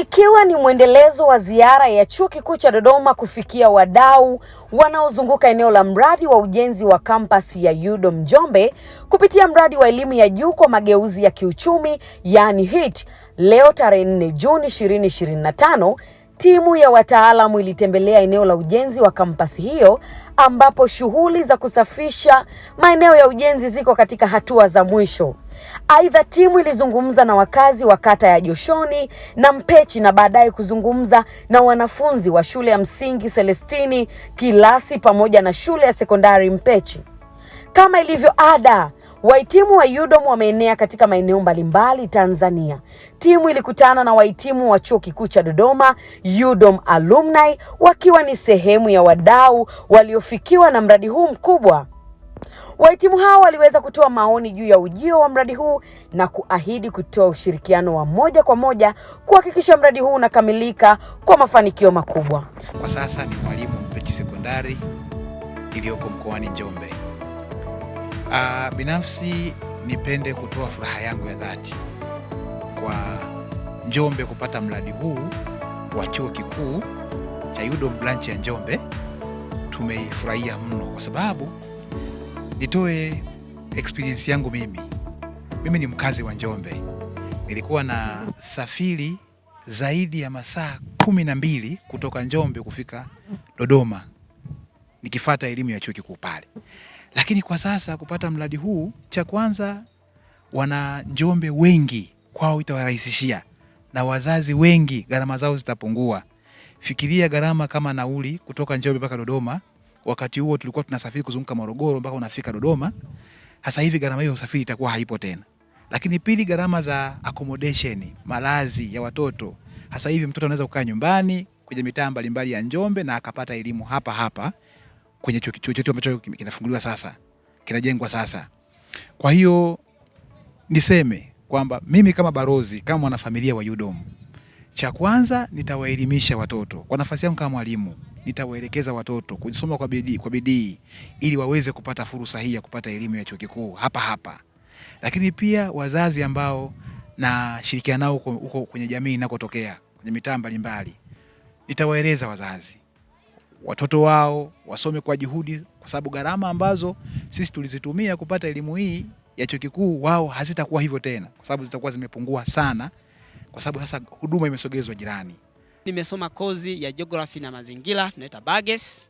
Ikiwa ni mwendelezo wa ziara ya Chuo Kikuu cha Dodoma kufikia wadau wanaozunguka eneo la mradi wa ujenzi wa kampasi ya UDOM Njombe kupitia mradi wa elimu ya juu kwa mageuzi ya kiuchumi, yaani HIT, leo tarehe 4 Juni 2025 Timu ya wataalamu ilitembelea eneo la ujenzi wa kampasi hiyo ambapo shughuli za kusafisha maeneo ya ujenzi ziko katika hatua za mwisho. Aidha, timu ilizungumza na wakazi wa kata ya Joshoni na Mpechi na baadaye kuzungumza na wanafunzi wa shule ya msingi Selestini Kilasi pamoja na shule ya sekondari Mpechi. Kama ilivyo ada, Wahitimu wa UDOM wameenea katika maeneo mbalimbali Tanzania. Timu ilikutana na wahitimu wa Chuo Kikuu cha Dodoma, UDOM alumni, wakiwa ni sehemu ya wadau waliofikiwa na mradi huu mkubwa. Wahitimu hao waliweza kutoa maoni juu ya ujio wa mradi huu na kuahidi kutoa ushirikiano wa moja kwa moja kuhakikisha mradi huu unakamilika kwa mafanikio makubwa. Kwa sasa ni mwalimu wa Sekondari iliyoko mkoani Njombe. Uh, binafsi nipende kutoa furaha yangu ya dhati kwa Njombe kupata mradi huu wa chuo kikuu cha UDOM branch ya Njombe. Tumeifurahia mno kwa sababu nitoe experience yangu mimi. Mimi ni mkazi wa Njombe, nilikuwa na safiri zaidi ya masaa kumi na mbili kutoka Njombe kufika Dodoma nikifata elimu ya chuo kikuu pale. Lakini kwa sasa kupata mradi huu, cha kwanza wana Njombe wengi kwao itawarahisishia, na wazazi wengi gharama zao zitapungua. Fikiria gharama kama nauli kutoka Njombe mpaka Dodoma. Wakati huo tulikuwa tunasafiri kuzunguka Morogoro mpaka unafika Dodoma. Sasa hivi gharama hiyo usafiri itakuwa haipo tena. Lakini pili, gharama za accommodation, malazi ya watoto. Sasa hivi mtoto anaweza kukaa nyumbani kwenye mitaa mbalimbali ya Njombe na akapata elimu hapa hapa kwenye chuo chetu ambacho kinafunguliwa sasa, kinajengwa sasa. Kwa hiyo niseme kwamba mimi kama barozi, kama mwanafamilia wa UDOM, cha kwanza nitawaelimisha watoto kwa nafasi yangu kama mwalimu nitawaelekeza watoto kusoma kwa bidii kwa bidii ili waweze kupata fursa hii ya kupata elimu ya chuo kikuu hapa hapa. Lakini pia wazazi ambao nashirikiana nao huko kwenye jamii inakotokea kwenye mitaa mbalimbali, nitawaeleza wazazi watoto wao wasome kwa juhudi, kwa sababu gharama ambazo sisi tulizitumia kupata elimu hii ya chuo kikuu wao hazitakuwa hivyo tena, kwa sababu zitakuwa zimepungua sana, kwa sababu sasa huduma imesogezwa jirani. Nimesoma kozi ya jiografia na mazingira, tunaita BAGES.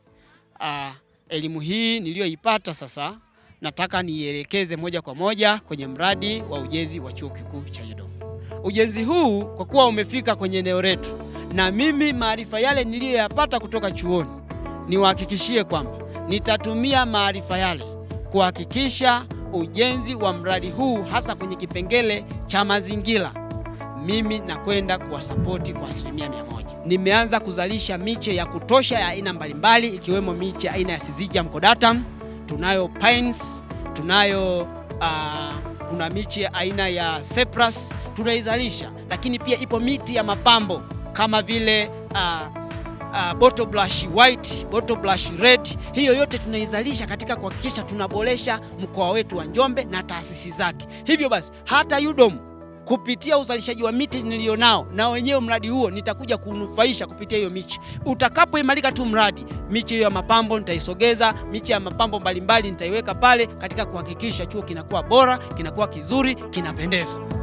Uh, elimu hii niliyoipata sasa nataka niielekeze moja kwa moja kwenye mradi wa ujenzi wa chuo kikuu cha Dodoma. Ujenzi huu kwa kuwa umefika kwenye eneo letu, na mimi maarifa yale niliyoyapata kutoka chuoni niwahakikishie kwamba nitatumia maarifa yale kuhakikisha ujenzi wa mradi huu hasa kwenye kipengele cha mazingira, mimi nakwenda kuwasapoti kwa asilimia mia moja. Nimeanza kuzalisha miche ya kutosha ya aina mbalimbali ikiwemo miche aina ya Syzygium cordatum, tunayo pines, tunayo uh, kuna miche aina ya cypress tunaizalisha, lakini pia ipo miti ya mapambo kama vile uh, uh, bottle brush white, bottle brush red. Hiyo yote tunaizalisha katika kuhakikisha tunaboresha mkoa wetu wa Njombe na taasisi zake. Hivyo basi hata UDOM kupitia uzalishaji wa miti nilionao na wenyewe mradi huo nitakuja kunufaisha kupitia hiyo michi. Utakapoimarika tu mradi, michi hiyo ya mapambo nitaisogeza, michi ya mapambo mbalimbali nitaiweka pale katika kuhakikisha chuo kinakuwa bora, kinakuwa kizuri, kinapendeza.